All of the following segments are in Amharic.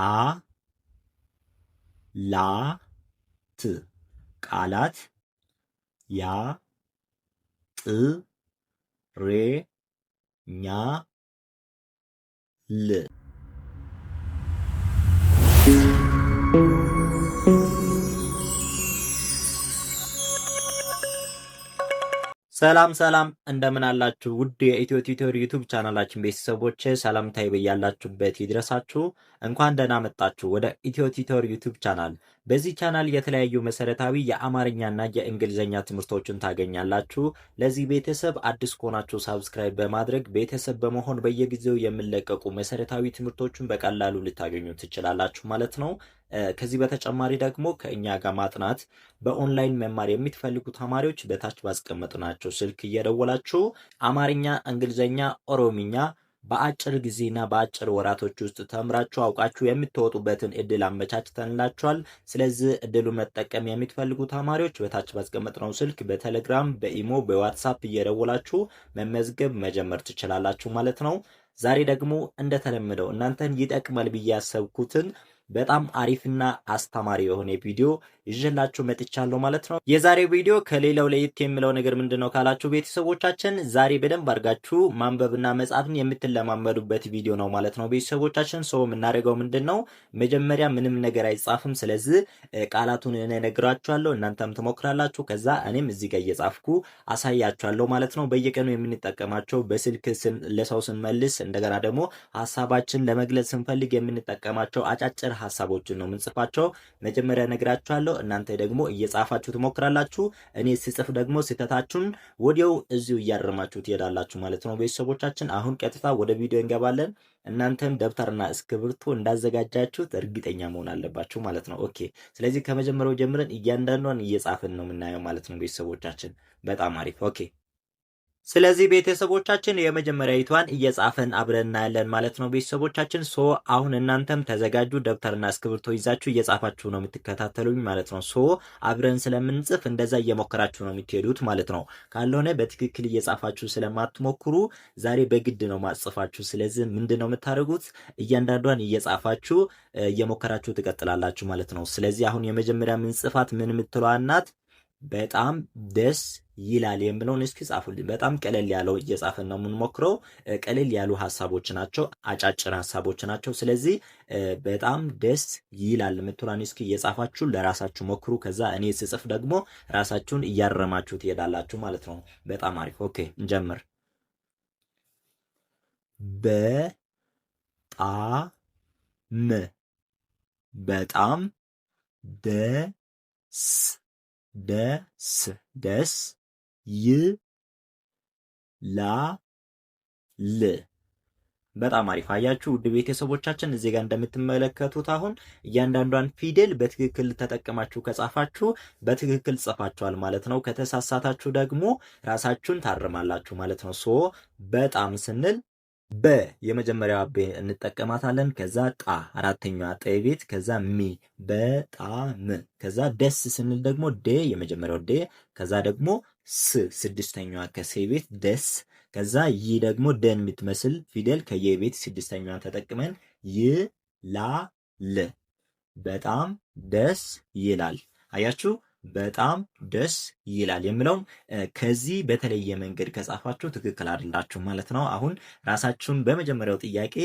አ ላ ት ቃላት ያ ጥ ሬ ኛ ል ሰላም ሰላም እንደምን አላችሁ? ውድ የኢትዮ ቲቶር ዩቱብ ቻናላችን ቤተሰቦች ሰላምታዬ በያላችሁበት ይድረሳችሁ። እንኳን ደህና መጣችሁ ወደ ኢትዮ ቲቶር ዩቱብ ቻናል። በዚህ ቻናል የተለያዩ መሰረታዊ የአማርኛና የእንግሊዝኛ ትምህርቶችን ታገኛላችሁ። ለዚህ ቤተሰብ አዲስ ከሆናችሁ ሳብስክራይብ በማድረግ ቤተሰብ በመሆን በየጊዜው የሚለቀቁ መሰረታዊ ትምህርቶችን በቀላሉ ልታገኙ ትችላላችሁ ማለት ነው። ከዚህ በተጨማሪ ደግሞ ከእኛ ጋር ማጥናት በኦንላይን መማር የሚትፈልጉ ተማሪዎች በታች ባስቀመጥናቸው ስልክ እየደወላችሁ አማርኛ፣ እንግሊዝኛ፣ ኦሮሚኛ በአጭር ጊዜና በአጭር ወራቶች ውስጥ ተምራችሁ አውቃችሁ የምትወጡበትን እድል አመቻችተንላችኋል። ስለዚህ እድሉ መጠቀም የሚትፈልጉ ተማሪዎች በታች ባስቀመጥነው ስልክ በቴሌግራም፣ በኢሞ፣ በዋትሳፕ እየደወላችሁ መመዝገብ መጀመር ትችላላችሁ ማለት ነው። ዛሬ ደግሞ እንደተለመደው እናንተን ይጠቅማል ብዬ ያሰብኩትን በጣም አሪፍና አስተማሪ የሆነ ቪዲዮ ይዤላችሁ መጥቻለሁ ማለት ነው። የዛሬው ቪዲዮ ከሌላው ለየት የሚለው ነገር ምንድን ነው ካላችሁ ቤተሰቦቻችን ዛሬ በደንብ አድርጋችሁ ማንበብና መጻፍን የምትለማመዱበት ቪዲዮ ነው ማለት ነው። ቤተሰቦቻችን ሰው የምናደርገው ምንድን ነው መጀመሪያ ምንም ነገር አይጻፍም። ስለዚህ ቃላቱን እኔ እነግራችኋለሁ፣ እናንተም ትሞክራላችሁ። ከዛ እኔም እዚህ ጋር እየጻፍኩ አሳያችኋለሁ ማለት ነው። በየቀኑ የምንጠቀማቸው በስልክ ለሰው ስንመልስ እንደገና ደግሞ ሀሳባችን ለመግለጽ ስንፈልግ የምንጠቀማቸው አጫጭር ሀሳቦችን ነው የምንጽፋቸው። መጀመሪያ እነግራችኋለሁ እጽፋለሁ። እናንተ ደግሞ እየጻፋችሁ ትሞክራላችሁ። እኔ ስጽፍ ደግሞ ስህተታችሁን ወዲያው እዚሁ እያረማችሁ ትሄዳላችሁ ማለት ነው። ቤተሰቦቻችን አሁን ቀጥታ ወደ ቪዲዮ እንገባለን። እናንተም ደብተርና እስክብርቶ እንዳዘጋጃችሁት እርግጠኛ መሆን አለባችሁ ማለት ነው። ኦኬ። ስለዚህ ከመጀመሪያው ጀምረን እያንዳንዷን እየጻፍን ነው የምናየው ማለት ነው ቤተሰቦቻችን። በጣም አሪፍ ኦኬ። ስለዚህ ቤተሰቦቻችን የመጀመሪያዊቷን እየጻፈን አብረን እናያለን ማለት ነው። ቤተሰቦቻችን ሶ አሁን እናንተም ተዘጋጁ። ደብተርና እስክብርቶ ይዛችሁ እየጻፋችሁ ነው የምትከታተሉኝ ማለት ነው። ሶ አብረን ስለምንጽፍ እንደዛ እየሞከራችሁ ነው የምትሄዱት ማለት ነው። ካልሆነ በትክክል እየጻፋችሁ ስለማትሞክሩ ዛሬ በግድ ነው ማጽፋችሁ። ስለዚህ ምንድን ነው የምታደርጉት? እያንዳንዷን እየጻፋችሁ እየሞከራችሁ ትቀጥላላችሁ ማለት ነው። ስለዚህ አሁን የመጀመሪያ ምንጽፋት ምን የምትለዋናት በጣም ደስ ይላል የምለውን እስኪ ጻፉልኝ። በጣም ቀለል ያለው እየጻፈን ነው የምንሞክረው። ቀለል ያሉ ሀሳቦች ናቸው፣ አጫጭር ሀሳቦች ናቸው። ስለዚህ በጣም ደስ ይላል የምትሏን እስኪ እየጻፋችሁ ለራሳችሁ ሞክሩ። ከዛ እኔ ስጽፍ ደግሞ ራሳችሁን እያረማችሁ ትሄዳላችሁ ማለት ነው። በጣም አሪፍ። ኦኬ እንጀምር። በጣም በጣም ደስ ደስ ደስ ይላል። በጣም አሪፍ አያችሁ፣ ውድ ቤተሰቦቻችን እዚህ ጋር እንደምትመለከቱት አሁን እያንዳንዷን ፊደል በትክክል ተጠቅማችሁ ከጻፋችሁ በትክክል ጽፋችኋል ማለት ነው። ከተሳሳታችሁ ደግሞ ራሳችሁን ታርማላችሁ ማለት ነው። ሶ በጣም ስንል በ የመጀመሪያዋ ቤ እንጠቀማታለን። ከዛ ጣ አራተኛዋ ጠ ቤት፣ ከዛ ሚ በጣም፣ ከዛ ደስ ስንል ደግሞ ዴ የመጀመሪያው ዴ፣ ከዛ ደግሞ ስ ስድስተኛዋ ከሴ ቤት ደስ ከዛ ይ ደግሞ ደን የምትመስል ፊደል ከየ ቤት ስድስተኛዋን ተጠቅመን ይላል በጣም ደስ ይላል። አያችሁ በጣም ደስ ይላል የምለውም ከዚህ በተለየ መንገድ ከጻፋችሁ ትክክል አይደላችሁ ማለት ነው። አሁን ራሳችሁን በመጀመሪያው ጥያቄ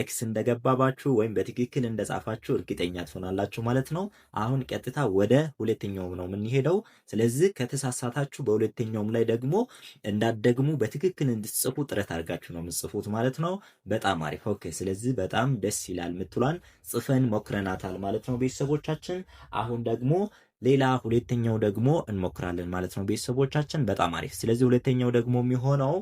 ኤክስ እንደገባባችሁ ወይም በትክክል እንደጻፋችሁ እርግጠኛ ትሆናላችሁ ማለት ነው። አሁን ቀጥታ ወደ ሁለተኛውም ነው የምንሄደው። ስለዚህ ከተሳሳታችሁ በሁለተኛውም ላይ ደግሞ እንዳትደግሙ በትክክል እንድትጽፉ ጥረት አድርጋችሁ ነው የምትጽፉት ማለት ነው። በጣም አሪፍ ኦኬ። ስለዚህ በጣም ደስ ይላል የምትሏን ጽፈን ሞክረናታል ማለት ነው ቤተሰቦቻችን። አሁን ደግሞ ሌላ ሁለተኛው ደግሞ እንሞክራለን ማለት ነው ቤተሰቦቻችን። በጣም አሪፍ። ስለዚህ ሁለተኛው ደግሞ የሚሆነው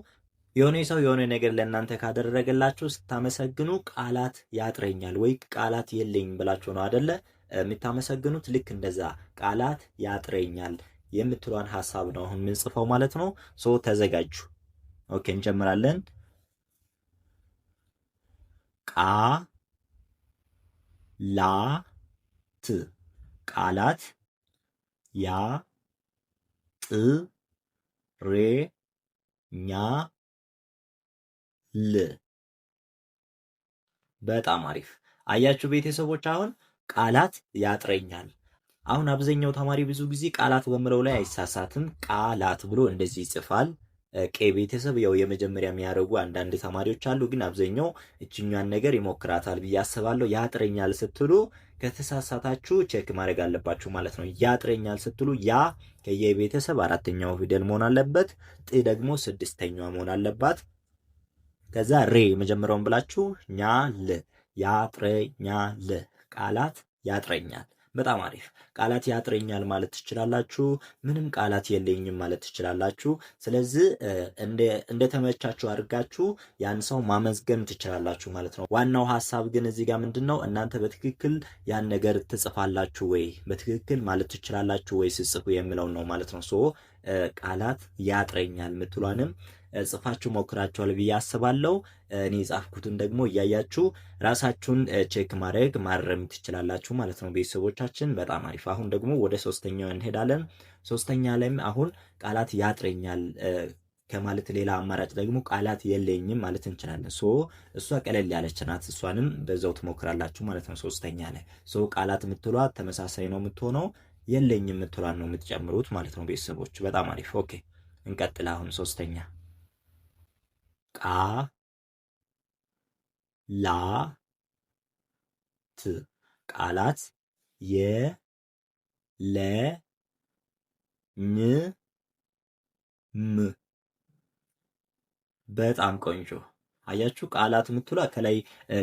የሆነ ሰው የሆነ ነገር ለእናንተ ካደረገላችሁ ስታመሰግኑ ቃላት ያጥረኛል ወይ ቃላት የለኝም ብላችሁ ነው አደለ የምታመሰግኑት? ልክ እንደዛ ቃላት ያጥረኛል የምትሏን ሀሳብ ነው አሁን የምንጽፈው ማለት ነው። ሶ ተዘጋጁ። ኦኬ እንጀምራለን። ቃ ላ ት ቃላት ያ ጥ ሬ ኛ ል በጣም አሪፍ አያችሁ ቤተሰቦች፣ አሁን ቃላት ያጥረኛል። አሁን አብዛኛው ተማሪ ብዙ ጊዜ ቃላት በምለው ላይ አይሳሳትም። ቃላት ብሎ እንደዚህ ይጽፋል። ቄ ቤተሰብ ያው የመጀመሪያ የሚያደርጉ አንዳንድ ተማሪዎች አሉ፣ ግን አብዛኛው እችኛን ነገር ይሞክራታል ብዬ አስባለሁ። ያጥረኛል ስትሉ ከተሳሳታችሁ ቼክ ማድረግ አለባችሁ ማለት ነው። ያጥረኛል ስትሉ ያ ከየቤተሰብ አራተኛው ፊደል መሆን አለበት። ጥ ደግሞ ስድስተኛ መሆን አለባት። ከዛ ሬ መጀመሪያውን ብላችሁ ኛ ል ያጥረኛል ቃላት ያጥረኛል። በጣም አሪፍ ቃላት ያጥረኛል ማለት ትችላላችሁ። ምንም ቃላት የለኝም ማለት ትችላላችሁ። ስለዚህ እንደተመቻችሁ አድርጋችሁ ያን ሰው ማመዝገን ትችላላችሁ ማለት ነው። ዋናው ሀሳብ ግን እዚህ ጋር ምንድን ነው? እናንተ በትክክል ያን ነገር ትጽፋላችሁ ወይ በትክክል ማለት ትችላላችሁ ወይ ስጽፉ የሚለው ነው ማለት ነው። ሶ ቃላት ያጥረኛል ምትሏንም ጽፋችሁ ሞክራችኋል ብዬ አስባለሁ። እኔ የጻፍኩትን ደግሞ እያያችሁ ራሳችሁን ቼክ ማድረግ ማረም ትችላላችሁ ማለት ነው። ቤተሰቦቻችን በጣም አሪፍ። አሁን ደግሞ ወደ ሶስተኛው እንሄዳለን። ሶስተኛ ላይም አሁን ቃላት ያጥረኛል ከማለት ሌላ አማራጭ ደግሞ ቃላት የለኝም ማለት እንችላለን። ሶ እሷ ቀለል ያለች ናት። እሷንም በዛው ትሞክራላችሁ ማለት ነው። ሶስተኛ ላይ ሶ ቃላት የምትሏት ተመሳሳይ ነው የምትሆነው። የለኝም የምትሏን ነው የምትጨምሩት ማለት ነው። ቤተሰቦች በጣም አሪፍ ኦኬ። እንቀጥል አሁን ሶስተኛ ቃ ላ ት ቃላት የ ለ ኝ ም በጣም ቆንጆ አያችሁ ቃላት የምትሏ ከላይ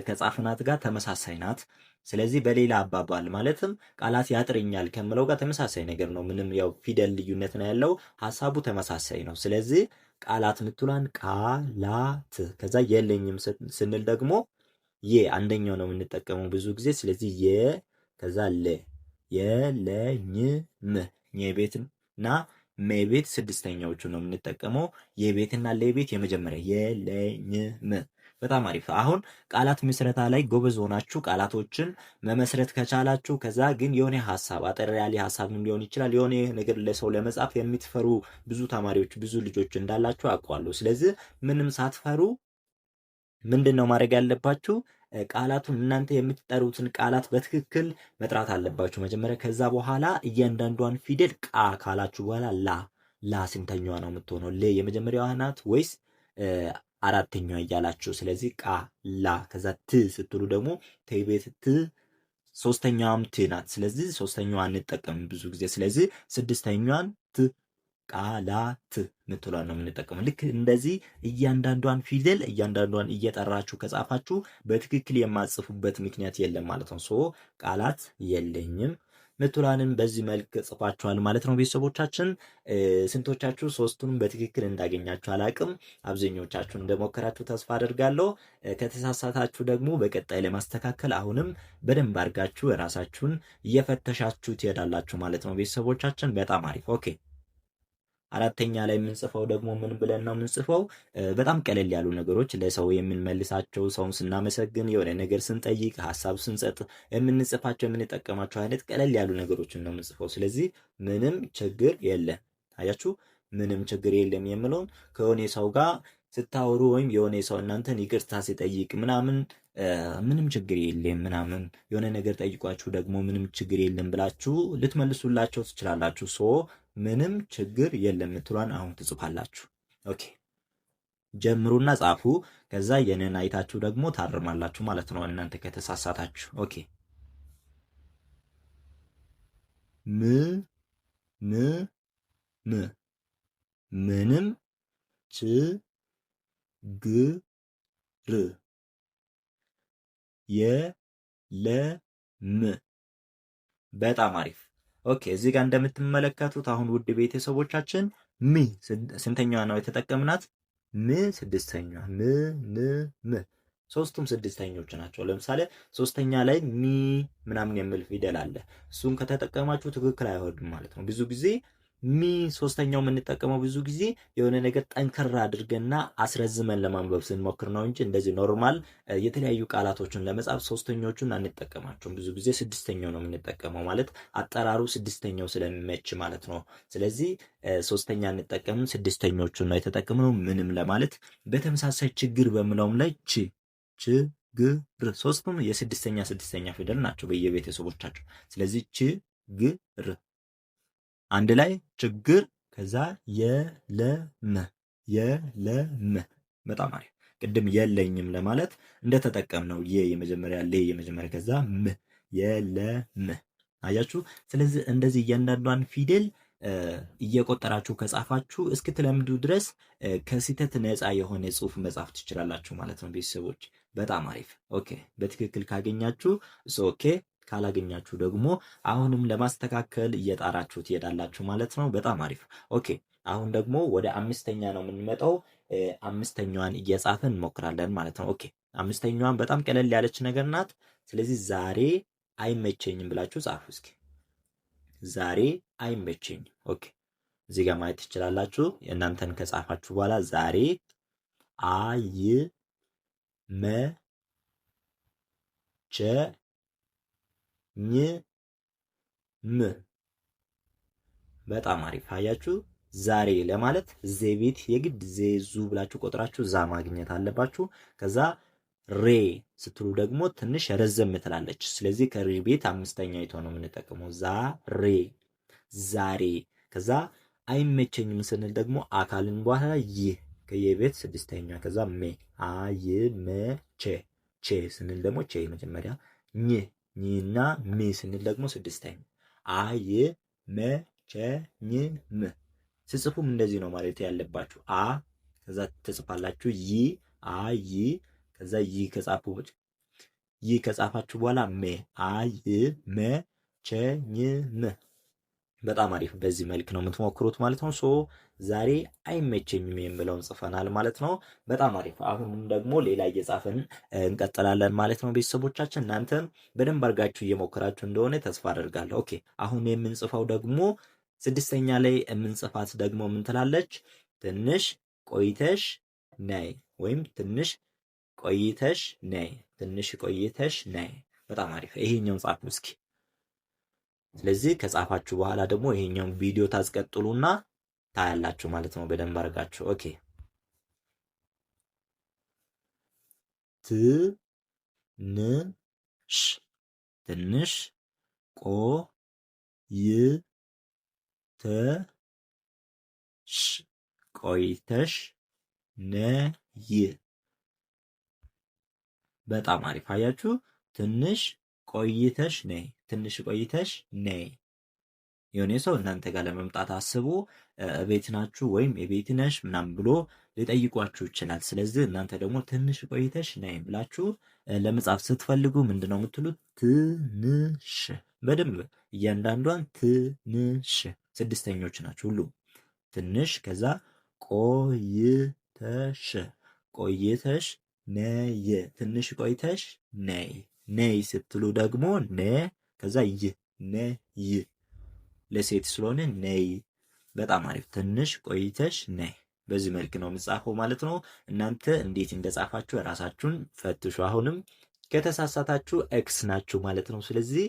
ከጻፍናት ጋር ተመሳሳይ ናት ስለዚህ በሌላ አባባል ማለትም ቃላት ያጥርኛል ከምለው ጋር ተመሳሳይ ነገር ነው። ምንም ያው ፊደል ልዩነት ነው ያለው፣ ሀሳቡ ተመሳሳይ ነው። ስለዚህ ቃላት ምትሏን ቃላት ከዛ የለኝም ስንል ደግሞ የ አንደኛው ነው የምንጠቀመው ብዙ ጊዜ። ስለዚህ የ ከዛ ለ የለኝም የቤት እና ስድስተኛዎቹ ነው የምንጠቀመው። የቤትና ለቤት የመጀመሪያ የለኝም በጣም አሪፍ። አሁን ቃላት ምስረታ ላይ ጎበዝ ሆናችሁ ቃላቶችን መመስረት ከቻላችሁ፣ ከዛ ግን የሆነ ሀሳብ አጠር ያለ ሀሳብም ሊሆን ይችላል የሆነ ነገር ለሰው ለመጻፍ የምትፈሩ ብዙ ተማሪዎች ብዙ ልጆች እንዳላችሁ አውቃለሁ። ስለዚህ ምንም ሳትፈሩ ምንድን ነው ማድረግ ያለባችሁ? ቃላቱን እናንተ የምትጠሩትን ቃላት በትክክል መጥራት አለባችሁ መጀመሪያ። ከዛ በኋላ እያንዳንዷን ፊደል ቃ ካላችሁ በኋላ ላ ላ ስንተኛዋ ነው የምትሆነው? ሌ የመጀመሪያዋ ናት ወይስ አራተኛው እያላችሁ ስለዚህ ቃ ላ ከዛ ት ስትሉ ደግሞ ተቤት ት ሶስተኛዋም ት ናት። ስለዚህ ሶስተኛዋ እንጠቀም ብዙ ጊዜ። ስለዚህ ስድስተኛዋን ት ቃላት ምትሏን ነው የምንጠቀመው። ልክ እንደዚህ እያንዳንዷን ፊደል እያንዳንዷን እየጠራችሁ ከጻፋችሁ በትክክል የማጽፉበት ምክንያት የለም ማለት ነው። ሶ ቃላት የለኝም ምቱላንም በዚህ መልክ ጽፏቸዋል ማለት ነው። ቤተሰቦቻችን ስንቶቻችሁ ሶስቱንም በትክክል እንዳገኛችሁ አላቅም። አብዛኞቻችሁ እንደሞከራችሁ ተስፋ አደርጋለሁ። ከተሳሳታችሁ ደግሞ በቀጣይ ለማስተካከል አሁንም በደንብ አድርጋችሁ ራሳችሁን እየፈተሻችሁ ትሄዳላችሁ ማለት ነው። ቤተሰቦቻችን በጣም አሪፍ ኦኬ። አራተኛ ላይ የምንጽፈው ደግሞ ምን ብለን ነው የምንጽፈው? በጣም ቀለል ያሉ ነገሮች ለሰው የምንመልሳቸው ሰውን ስናመሰግን፣ የሆነ ነገር ስንጠይቅ፣ ሀሳብ ስንሰጥ የምንጽፋቸው የምንጠቀማቸው አይነት ቀለል ያሉ ነገሮችን ነው የምንጽፈው። ስለዚህ ምንም ችግር የለም። አያችሁ፣ ምንም ችግር የለም የምለውን ከሆነ ሰው ጋር ስታወሩ ወይም የሆነ ሰው እናንተን ይቅርታ ሲጠይቅ ምናምን ምንም ችግር የለም ምናምን የሆነ ነገር ጠይቋችሁ ደግሞ ምንም ችግር የለም ብላችሁ ልትመልሱላቸው ትችላላችሁ። ሶ ምንም ችግር የለም የምትሏን አሁን ትጽፋላችሁ። ኦኬ ጀምሩና ጻፉ። ከዛ የኔን አይታችሁ ደግሞ ታርማላችሁ ማለት ነው እናንተ ከተሳሳታችሁ። ኦኬ ም ም ም ምንም ችግር የለም። በጣም አሪፍ ኦኬ እዚህ ጋር እንደምትመለከቱት አሁን ውድ ቤተሰቦቻችን ሚ ስንተኛዋ ነው የተጠቀምናት? ም ስድስተኛ ም ም ም ሶስቱም ስድስተኞች ናቸው። ለምሳሌ ሶስተኛ ላይ ሚ ምናምን የሚል ፊደል አለ። እሱን ከተጠቀማችሁ ትክክል አይሆንም ማለት ነው ብዙ ጊዜ ሚ ሶስተኛው የምንጠቀመው ብዙ ጊዜ የሆነ ነገር ጠንከራ አድርገና አስረዝመን ለማንበብ ስንሞክር ነው እንጂ እንደዚህ ኖርማል የተለያዩ ቃላቶችን ለመጻፍ ሶስተኞቹን አንጠቀማቸውም። ብዙ ጊዜ ስድስተኛው ነው የምንጠቀመው፣ ማለት አጠራሩ ስድስተኛው ስለሚመች ማለት ነው። ስለዚህ ሶስተኛ አንጠቀምም፣ ስድስተኞቹን ነው የተጠቀምነው። ምንም ለማለት በተመሳሳይ ችግር በምለውም ላይ ች ግር ሶስቱም የስድስተኛ ስድስተኛ ፊደል ናቸው በየቤተሰቦቻቸው። ስለዚህ ችግር አንድ ላይ ችግር ከዛ የለም የለም። በጣም አሪፍ። ቅድም የለኝም ለማለት እንደተጠቀምነው የ የመጀመሪያ ሌ የመጀመሪያ ከዛ ም የለም። አያችሁ። ስለዚህ እንደዚህ እያንዳንዷን ፊደል እየቆጠራችሁ ከጻፋችሁ እስክትለምዱ ድረስ ከስህተት ነፃ የሆነ ጽሑፍ መጻፍ ትችላላችሁ ማለት ነው። ቤተሰቦች በጣም አሪፍ ኦኬ። በትክክል ካገኛችሁ ኦኬ ካላገኛችሁ ደግሞ አሁንም ለማስተካከል እየጣራችሁ ትሄዳላችሁ ማለት ነው። በጣም አሪፍ ኦኬ። አሁን ደግሞ ወደ አምስተኛ ነው የምንመጣው። አምስተኛዋን እየጻፍን እንሞክራለን ማለት ነው። ኦኬ አምስተኛዋን በጣም ቀለል ያለች ነገር ናት። ስለዚህ ዛሬ አይመቸኝም ብላችሁ ጻፉ እስኪ። ዛሬ አይመቸኝም። ኦኬ እዚህ ጋር ማየት ትችላላችሁ። እናንተን ከጻፋችሁ በኋላ ዛሬ አይ መ ቸ ኝ ም በጣም አሪፍ አያችሁ። ዛሬ ለማለት ዜ ቤት የግድ ዜ ዙ ብላችሁ ቆጥራችሁ ዛ ማግኘት አለባችሁ። ከዛ ሬ ስትሉ ደግሞ ትንሽ ረዘም ትላለች። ስለዚህ ከሬ ቤት አምስተኛ ይቶ ነው የምንጠቀመው። ዛ ሬ ዛሬ። ከዛ አይመቸኝም ስንል ደግሞ አካልን በኋላ ይህ ከየቤት ስድስተኛ ከዛ ሜ አይመቼ ቼ ስንል ደግሞ ቼ መጀመሪያ ኝህ ኒና ሚ ስንል ደግሞ ኝ ም ስጽፉም እንደዚህ ነው ማለት ያለባችሁ። አ ከዛ ትጽፋላችሁ ይ አይ ከዛ ይ ከጻፉ ይ ከጻፋችሁ በኋላ ሜ ም በጣም አሪፍ። በዚህ መልክ ነው የምትሞክሩት ማለት ነው። ሶ ዛሬ አይመቸኝም የምለውን ጽፈናል ማለት ነው። በጣም አሪፍ። አሁንም ደግሞ ሌላ እየጻፍን እንቀጥላለን ማለት ነው። ቤተሰቦቻችን እናንተ በደንብ አድርጋችሁ እየሞከራችሁ እንደሆነ ተስፋ አደርጋለሁ። ኦኬ፣ አሁን የምንጽፈው ደግሞ ስድስተኛ ላይ የምንጽፋት ደግሞ ምንትላለች ትንሽ ቆይተሽ ነይ ወይም ትንሽ ቆይተሽ ነይ፣ ትንሽ ቆይተሽ ነይ። በጣም አሪፍ። ይሄኛውን ጻፍ እስኪ ስለዚህ ከጻፋችሁ በኋላ ደግሞ ይሄኛውን ቪዲዮ ታስቀጥሉና ታያላችሁ ማለት ነው። በደንብ አድርጋችሁ ኦኬ። ትንሽ ሽ ቆይተሽ ነ ይ በጣም አሪፍ አያችሁ። ትንሽ ቆይተሽ ነይ፣ ትንሽ ቆይተሽ ነይ። የሆነ ሰው እናንተ ጋር ለመምጣት አስቦ ቤት ናችሁ ወይም የቤት ነሽ ምናምን ብሎ ሊጠይቋችሁ ይችላል። ስለዚህ እናንተ ደግሞ ትንሽ ቆይተሽ ነይ ብላችሁ ለመጻፍ ስትፈልጉ ምንድነው የምትሉት? ትንሽ በደንብ እያንዳንዷን ትንሽ ስድስተኞች ናችሁ ሁሉ ትንሽ ከዛ ቆይተሽ ቆይተሽ ነይ ትንሽ ቆይተሽ ነይ ነይ ስትሉ ደግሞ ነ ከዛ ይ ይ ለሴት ስለሆነ ነይ። በጣም አሪፍ። ትንሽ ቆይተሽ ነይ። በዚህ መልክ ነው የምጻፈው ማለት ነው። እናንተ እንዴት እንደጻፋችሁ ራሳችሁን ፈትሹ። አሁንም ከተሳሳታችሁ ኤክስ ናችሁ ማለት ነው። ስለዚህ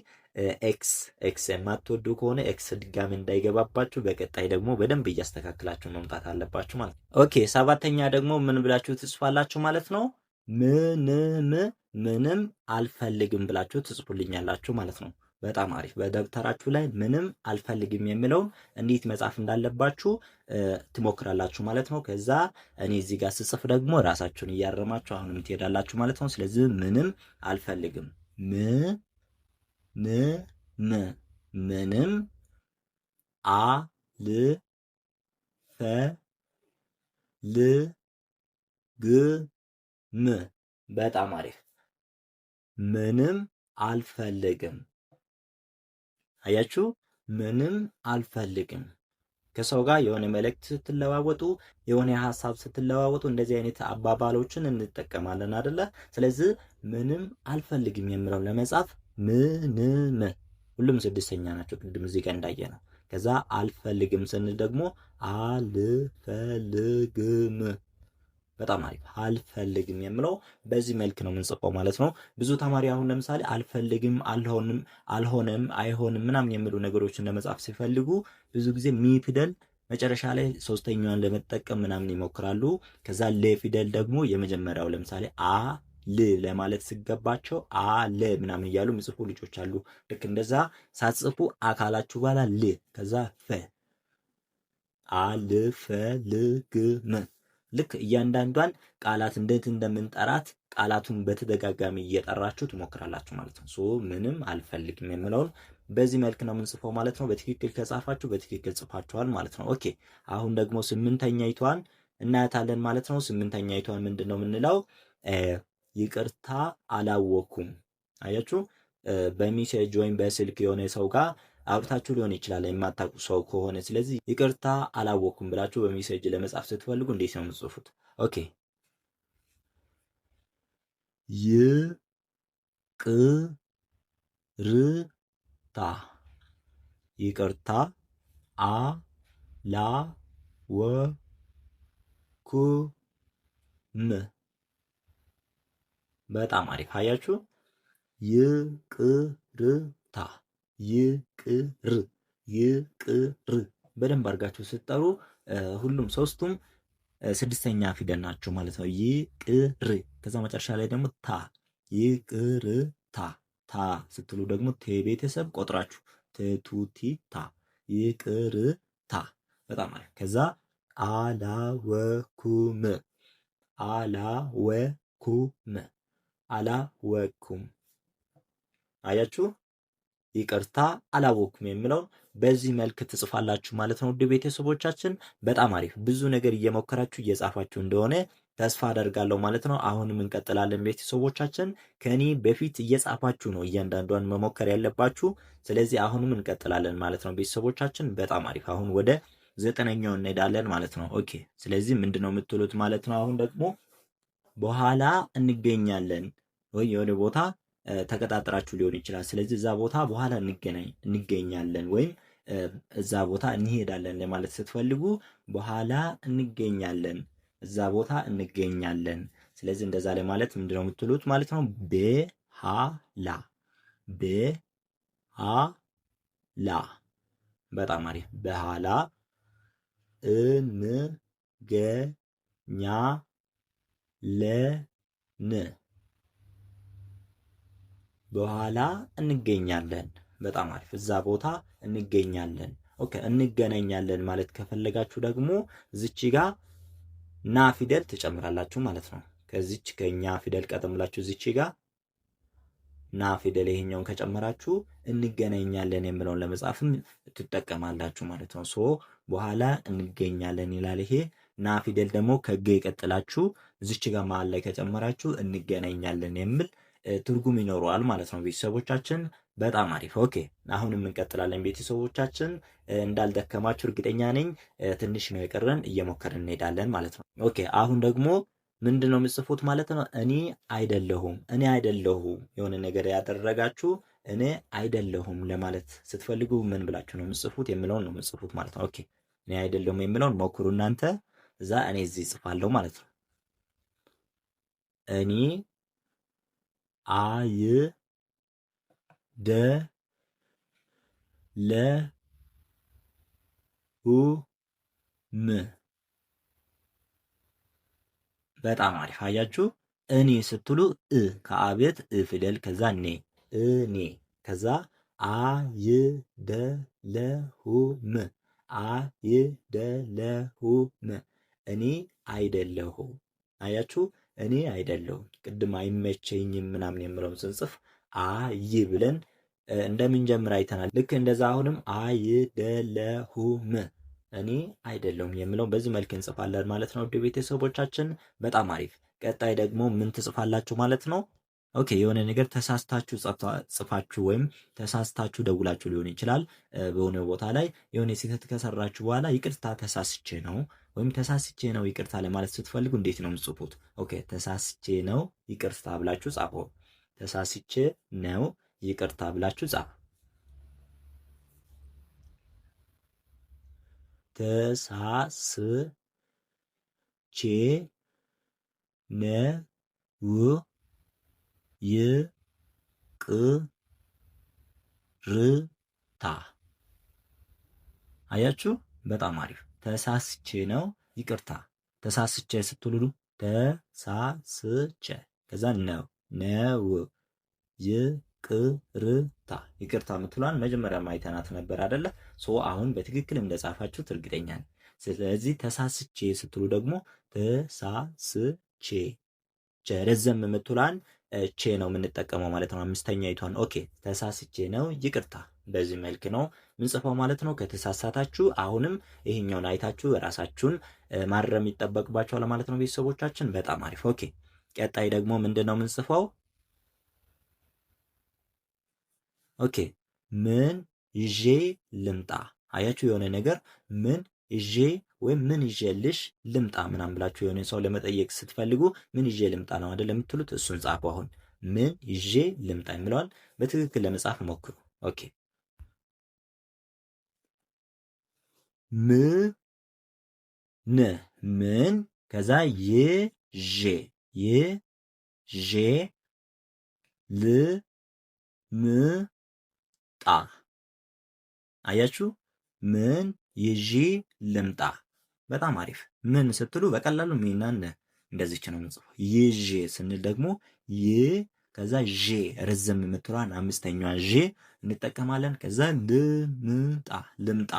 ኤክስ ኤክስ የማትወዱ ከሆነ ኤክስ ድጋሚ እንዳይገባባችሁ በቀጣይ ደግሞ በደንብ እያስተካክላችሁ መምጣት አለባችሁ ማለት ነው። ኦኬ ሰባተኛ ደግሞ ምን ብላችሁ ትጽፋላችሁ ማለት ነው ምንም ምንም አልፈልግም ብላችሁ ትጽፉልኛላችሁ ማለት ነው። በጣም አሪፍ። በደብተራችሁ ላይ ምንም አልፈልግም የሚለውን እንዴት መጻፍ እንዳለባችሁ ትሞክራላችሁ ማለት ነው። ከዛ እኔ እዚህ ጋር ስጽፍ ደግሞ ራሳችሁን እያረማችሁ አሁንም ትሄዳላችሁ ማለት ነው። ስለዚህ ምንም አልፈልግም ም ም ም ምንም አ ል ፈ ል ግ ም በጣም አሪፍ ምንም አልፈልግም። አያችሁ፣ ምንም አልፈልግም። ከሰው ጋር የሆነ መልእክት ስትለዋወጡ የሆነ ሀሳብ ስትለዋወጡ እንደዚህ አይነት አባባሎችን እንጠቀማለን አደለ? ስለዚህ ምንም አልፈልግም የሚለውን ለመጻፍ ምንም፣ ሁሉም ስድስተኛ ናቸው፣ ቅድም እዚህ ጋር እንዳየ ነው። ከዛ አልፈልግም ስንል ደግሞ አልፈልግም በጣም አሪፍ አልፈልግም የምለው በዚህ መልክ ነው የምንጽፈው ማለት ነው። ብዙ ተማሪ አሁን ለምሳሌ አልፈልግም፣ አልሆንም፣ አልሆነም፣ አይሆንም ምናምን የሚሉ ነገሮችን ለመጻፍ ሲፈልጉ ብዙ ጊዜ ሚ ፊደል መጨረሻ ላይ ሶስተኛዋን ለመጠቀም ምናምን ይሞክራሉ። ከዛ ለ ፊደል ደግሞ የመጀመሪያው ለምሳሌ አ ል ለማለት ሲገባቸው አ ለ ምናምን እያሉ የሚጽፉ ልጆች አሉ። ልክ እንደዛ ሳትጽፉ አካላችሁ በኋላ ል ከዛ ፈ አልፈልግም ልክ እያንዳንዷን ቃላት እንዴት እንደምንጠራት ቃላቱን በተደጋጋሚ እየጠራችሁ ትሞክራላችሁ ማለት ነው። ሶ ምንም አልፈልግም የምለውን በዚህ መልክ ነው የምንጽፈው ማለት ነው። በትክክል ከጻፋችሁ በትክክል ጽፋችኋል ማለት ነው። ኦኬ አሁን ደግሞ ስምንተኛ ይቷን እናያታለን ማለት ነው። ስምንተኛ ይቷን ምንድን ነው የምንለው? ይቅርታ አላወኩም። አያችሁ በሚሴጅ ወይም በስልክ የሆነ ሰው ጋር አብርታችሁ ሊሆን ይችላል የማታውቁ ሰው ከሆነ። ስለዚህ ይቅርታ አላወቅኩም ብላችሁ በሜሴጅ ለመጻፍ ስትፈልጉ እንዴት ነው የምጽፉት? ኦኬ ይቅርታ ይቅርታ አላወኩም። በጣም አሪፍ አያችሁ። ይቅርታ ይቅር ይቅር በደንብ አድርጋችሁ ስትጠሩ ሁሉም ሶስቱም ስድስተኛ ፊደል ናቸው ማለት ነው። ይቅር ከዛ መጨረሻ ላይ ደግሞ ታ ይቅር ታ ታ ስትሉ ደግሞ ቤተሰብ ቆጥራችሁ ትቱቲ ታ ይቅር ታ በጣም አሪፍ። ከዛ አላወኩም አላወኩም አላወኩም አያችሁ ይቅርታ አላወኩም የሚለውን በዚህ መልክ ትጽፋላችሁ ማለት ነው። ውድ ቤተሰቦቻችን በጣም አሪፍ ብዙ ነገር እየሞከራችሁ እየጻፋችሁ እንደሆነ ተስፋ አደርጋለሁ ማለት ነው። አሁንም እንቀጥላለን ቤተሰቦቻችን። ከኔ በፊት እየጻፋችሁ ነው እያንዳንዷን መሞከር ያለባችሁ። ስለዚህ አሁንም እንቀጥላለን ማለት ነው ቤተሰቦቻችን። በጣም አሪፍ አሁን ወደ ዘጠነኛው እንሄዳለን ማለት ነው። ኦኬ ስለዚህ ምንድን ነው የምትሉት ማለት ነው። አሁን ደግሞ በኋላ እንገኛለን ወይ የሆነ ቦታ ተቀጣጥራችሁ ሊሆን ይችላል። ስለዚህ እዛ ቦታ በኋላ እንገኛለን ወይም እዛ ቦታ እንሄዳለን ለማለት ስትፈልጉ በኋላ እንገኛለን፣ እዛ ቦታ እንገኛለን። ስለዚህ እንደዛ ለማለት ምንድነው የምትሉት ማለት ነው። ቤሃላ ቤሃላ በጣም አሪፍ። በኋላ እንገኛለን በኋላ እንገኛለን። በጣም አሪፍ። እዛ ቦታ እንገኛለን። ኦኬ፣ እንገናኛለን ማለት ከፈለጋችሁ ደግሞ ዝቺ ጋር ና ፊደል ትጨምራላችሁ ማለት ነው። ከዚች ከኛ ፊደል ቀጥምላችሁ ዝቺ ጋር ና ፊደል ይሄኛውን ከጨመራችሁ እንገናኛለን የምለውን ለመጻፍም ትጠቀማላችሁ ማለት ነው። ሶ በኋላ እንገኛለን ይላል ይሄ ና ፊደል ደግሞ ከገ ይቀጥላችሁ ዝች ጋር መሃል ላይ ከጨመራችሁ እንገናኛለን የሚል ትርጉም ይኖረዋል ማለት ነው። ቤተሰቦቻችን በጣም አሪፍ ኦኬ። አሁንም እንቀጥላለን። ቤተሰቦቻችን እንዳልደከማችሁ እርግጠኛ ነኝ። ትንሽ ነው የቀረን፣ እየሞከርን እንሄዳለን ማለት ነው። ኦኬ አሁን ደግሞ ምንድን ነው የምጽፉት ማለት ነው። እኔ አይደለሁም፣ እኔ አይደለሁም የሆነ ነገር ያደረጋችሁ እኔ አይደለሁም ለማለት ስትፈልጉ ምን ብላችሁ ነው የምጽፉት? የምለውን ነው የምጽፉት ማለት ነው። ኦኬ እኔ አይደለሁም የምለውን ሞክሩ እናንተ እዛ፣ እኔ እዚህ እጽፋለሁ ማለት ነው። እኔ አይደለሁም። በጣም አሪፍ አያችሁ። እኔ ስትሉ እ ከአቤት እ ፊደል ከዛ ኔ እኔ ከዛ ሁ ም እኔ አይደለሁ አያችሁ እኔ አይደለሁም ቅድም አይመቸኝም ምናምን የምለውን ስንጽፍ አይ ብለን እንደምንጀምር አይተናል። ልክ እንደዛ አሁንም አይደለሁም እኔ አይደለሁም የምለው በዚህ መልክ እንጽፋለን ማለት ነው። ውድ ቤተሰቦቻችን በጣም አሪፍ። ቀጣይ ደግሞ ምን ትጽፋላችሁ ማለት ነው? ኦኬ የሆነ ነገር ተሳስታችሁ ጽፋችሁ ወይም ተሳስታችሁ ደውላችሁ ሊሆን ይችላል። በሆነ ቦታ ላይ የሆነ ስህተት ከሰራችሁ በኋላ ይቅርታ ተሳስቼ ነው ወይም ተሳስቼ ነው ይቅርታ ለማለት ስትፈልጉ እንዴት ነው ምጽፉት? ኦኬ ተሳስቼ ነው ይቅርታ ብላችሁ ጻፉ። ተሳስቼ ነው ይቅርታ ብላችሁ ጻፉ። ተሳስቼ ነው ይቅርታ። አያችሁ? በጣም አሪፍ ተሳስቼ ነው። ይቅርታ ተሳስቼ ስትሉሉ ተሳስቼ ከዛ ነው ነው ይቅርታ ይቅርታ ምትሏን መጀመሪያ ማይተናት ነበር አደለ? ሶ አሁን በትክክል እንደጻፋችሁት እርግጠኛ ነኝ። ስለዚህ ተሳስቼ ስትሉ ደግሞ ተሳስቼ ረዘም ምትሏን ቼ ነው የምንጠቀመው ማለት ነው። አምስተኛ ይቷን ኦኬ፣ ተሳስቼ ነው ይቅርታ። በዚህ መልክ ነው ምንጽፈው ማለት ነው። ከተሳሳታችሁ አሁንም ይሄኛውን አይታችሁ ራሳችሁን ማረም ይጠበቅባችኋል ማለት ነው። ቤተሰቦቻችን በጣም አሪፍ ኦኬ። ቀጣይ ደግሞ ምንድን ነው ምንጽፈው? ኦኬ ምን ይዤ ልምጣ? አያችሁ የሆነ ነገር ምን ይዤ ወይም ምን ይዤልሽ ልምጣ ምናምን ብላችሁ የሆነ ሰው ለመጠየቅ ስትፈልጉ ምን ይዤ ልምጣ ነው አይደል የምትሉት? እሱን ጻፉ። አሁን ምን ይዤ ልምጣ የሚለዋል በትክክል ለመጻፍ ሞክሩ። ኦኬ ም ን ምን ከዛ ይ ዤ ይ ዤ ል ም ጣ አያችሁ ምን ይዤ ልምጣ። በጣም አሪፍ። ምን ስትሉ በቀላሉ ሚና ነ እንደዚች ነው የምንጽፈው። ይዤ ስንል ደግሞ ይ ከዛ ዤ ርዝም የምትሏን አምስተኛዋ ዤ እንጠቀማለን። ከዛ ልምጣ ልምጣ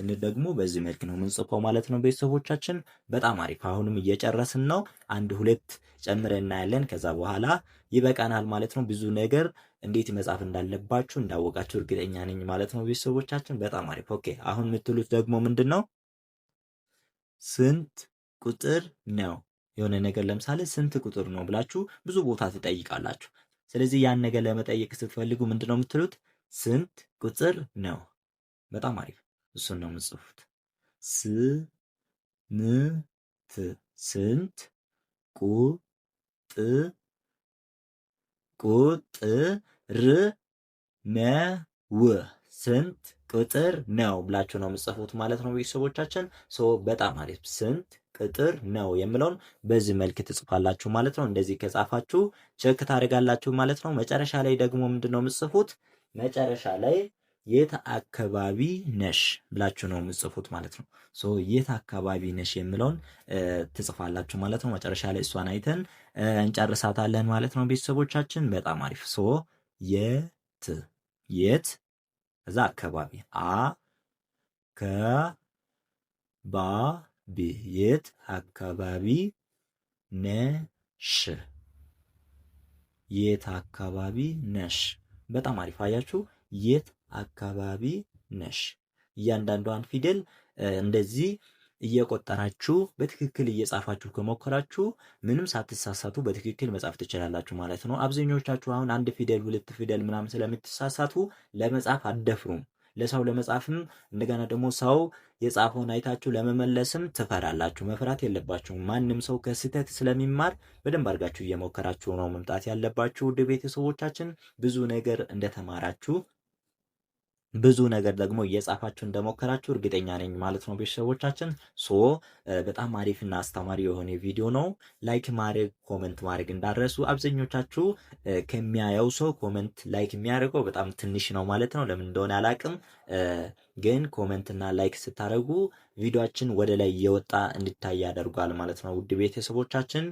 ስንል ደግሞ በዚህ መልክ ነው የምንጽፈው ማለት ነው ቤተሰቦቻችን። በጣም አሪፍ። አሁንም እየጨረስን ነው። አንድ ሁለት ጨምረን እናያለን። ከዛ በኋላ ይበቃናል ማለት ነው። ብዙ ነገር እንዴት መጻፍ እንዳለባችሁ እንዳወቃችሁ እርግጠኛ ነኝ ማለት ነው ቤተሰቦቻችን። በጣም አሪፍ። ኦኬ አሁን የምትሉት ደግሞ ምንድን ነው? ስንት ቁጥር ነው? የሆነ ነገር ለምሳሌ ስንት ቁጥር ነው ብላችሁ ብዙ ቦታ ትጠይቃላችሁ። ስለዚህ ያን ነገር ለመጠየቅ ስትፈልጉ ምንድን ነው የምትሉት? ስንት ቁጥር ነው? በጣም አሪፍ እሱን ነው የምጽፉት። ስንት ስንት ቁጥ ቁጥር ነው ስንት ቁጥር ነው ብላችሁ ነው የምጽፉት ማለት ነው ቤተሰቦቻችን። በጣም አሪፍ ስንት ቁጥር ነው የምለውን በዚህ መልክ ትጽፋላችሁ ማለት ነው። እንደዚህ ከጻፋችሁ ቼክ ታደርጋላችሁ ማለት ነው። መጨረሻ ላይ ደግሞ ምንድን ነው የምጽፉት መጨረሻ ላይ የት አካባቢ ነሽ ብላችሁ ነው የምጽፉት ማለት ነው። ሶ የት አካባቢ ነሽ የሚለውን ትጽፋላችሁ ማለት ነው። መጨረሻ ላይ እሷን አይተን እንጨርሳታለን ማለት ነው። ቤተሰቦቻችን በጣም አሪፍ። ሶ የት የት እዛ አካባቢ አ ከ ባ ቢ የት አካባቢ ነሽ የት አካባቢ ነሽ በጣም አሪፍ አያችሁ። የት አካባቢ ነሽ? እያንዳንዷን ፊደል እንደዚህ እየቆጠራችሁ በትክክል እየጻፋችሁ ከሞከራችሁ ምንም ሳትሳሳቱ በትክክል መጻፍ ትችላላችሁ ማለት ነው። አብዛኞቻችሁ አሁን አንድ ፊደል ሁለት ፊደል ምናምን ስለምትሳሳቱ ለመጻፍ አደፍሩም። ለሰው ለመጻፍም እንደገና ደግሞ ሰው የጻፈውን አይታችሁ ለመመለስም ትፈራላችሁ። መፍራት የለባችሁም። ማንም ሰው ከስህተት ስለሚማር በደንብ አድርጋችሁ እየሞከራችሁ ነው መምጣት ያለባችሁ። ውድ ቤተሰቦቻችን ብዙ ነገር እንደተማራችሁ ብዙ ነገር ደግሞ እየጻፋችሁ እንደሞከራችሁ እርግጠኛ ነኝ ማለት ነው ቤተሰቦቻችን። ሶ በጣም አሪፍና አስተማሪ የሆነ ቪዲዮ ነው። ላይክ ማድረግ ኮመንት ማድረግ እንዳረሱ። አብዛኞቻችሁ ከሚያየው ሰው ኮመንት ላይክ የሚያደርገው በጣም ትንሽ ነው ማለት ነው። ለምን እንደሆነ አላቅም፣ ግን ኮመንትና ላይክ ስታደርጉ ቪዲዮችን ወደ ላይ እየወጣ እንዲታይ ያደርጓል ማለት ነው ውድ ቤተሰቦቻችን።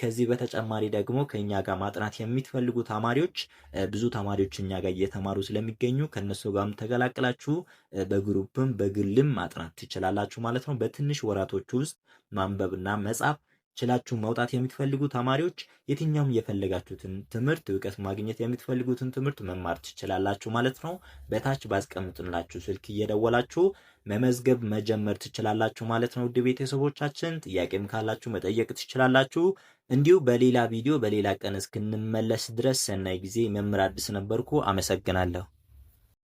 ከዚህ በተጨማሪ ደግሞ ከእኛ ጋር ማጥናት የሚትፈልጉ ተማሪዎች ብዙ ተማሪዎች እኛ ጋር እየተማሩ ስለሚገኙ ከእነሱ ጋርም ተቀላቅላችሁ በግሩፕም በግልም ማጥናት ትችላላችሁ ማለት ነው። በትንሽ ወራቶች ውስጥ ማንበብና መጻፍ ችላችሁ መውጣት የምትፈልጉ ተማሪዎች የትኛውም የፈለጋችሁትን ትምህርት እውቀት ማግኘት የምትፈልጉትን ትምህርት መማር ትችላላችሁ ማለት ነው። በታች ባስቀምጥንላችሁ ስልክ እየደወላችሁ መመዝገብ መጀመር ትችላላችሁ ማለት ነው። ውድ ቤተሰቦቻችን ጥያቄም ካላችሁ መጠየቅ ትችላላችሁ። እንዲሁ በሌላ ቪዲዮ በሌላ ቀን እስክንመለስ ድረስ ሰናይ ጊዜ። መምህር አዲስ ነበርኩ። አመሰግናለሁ።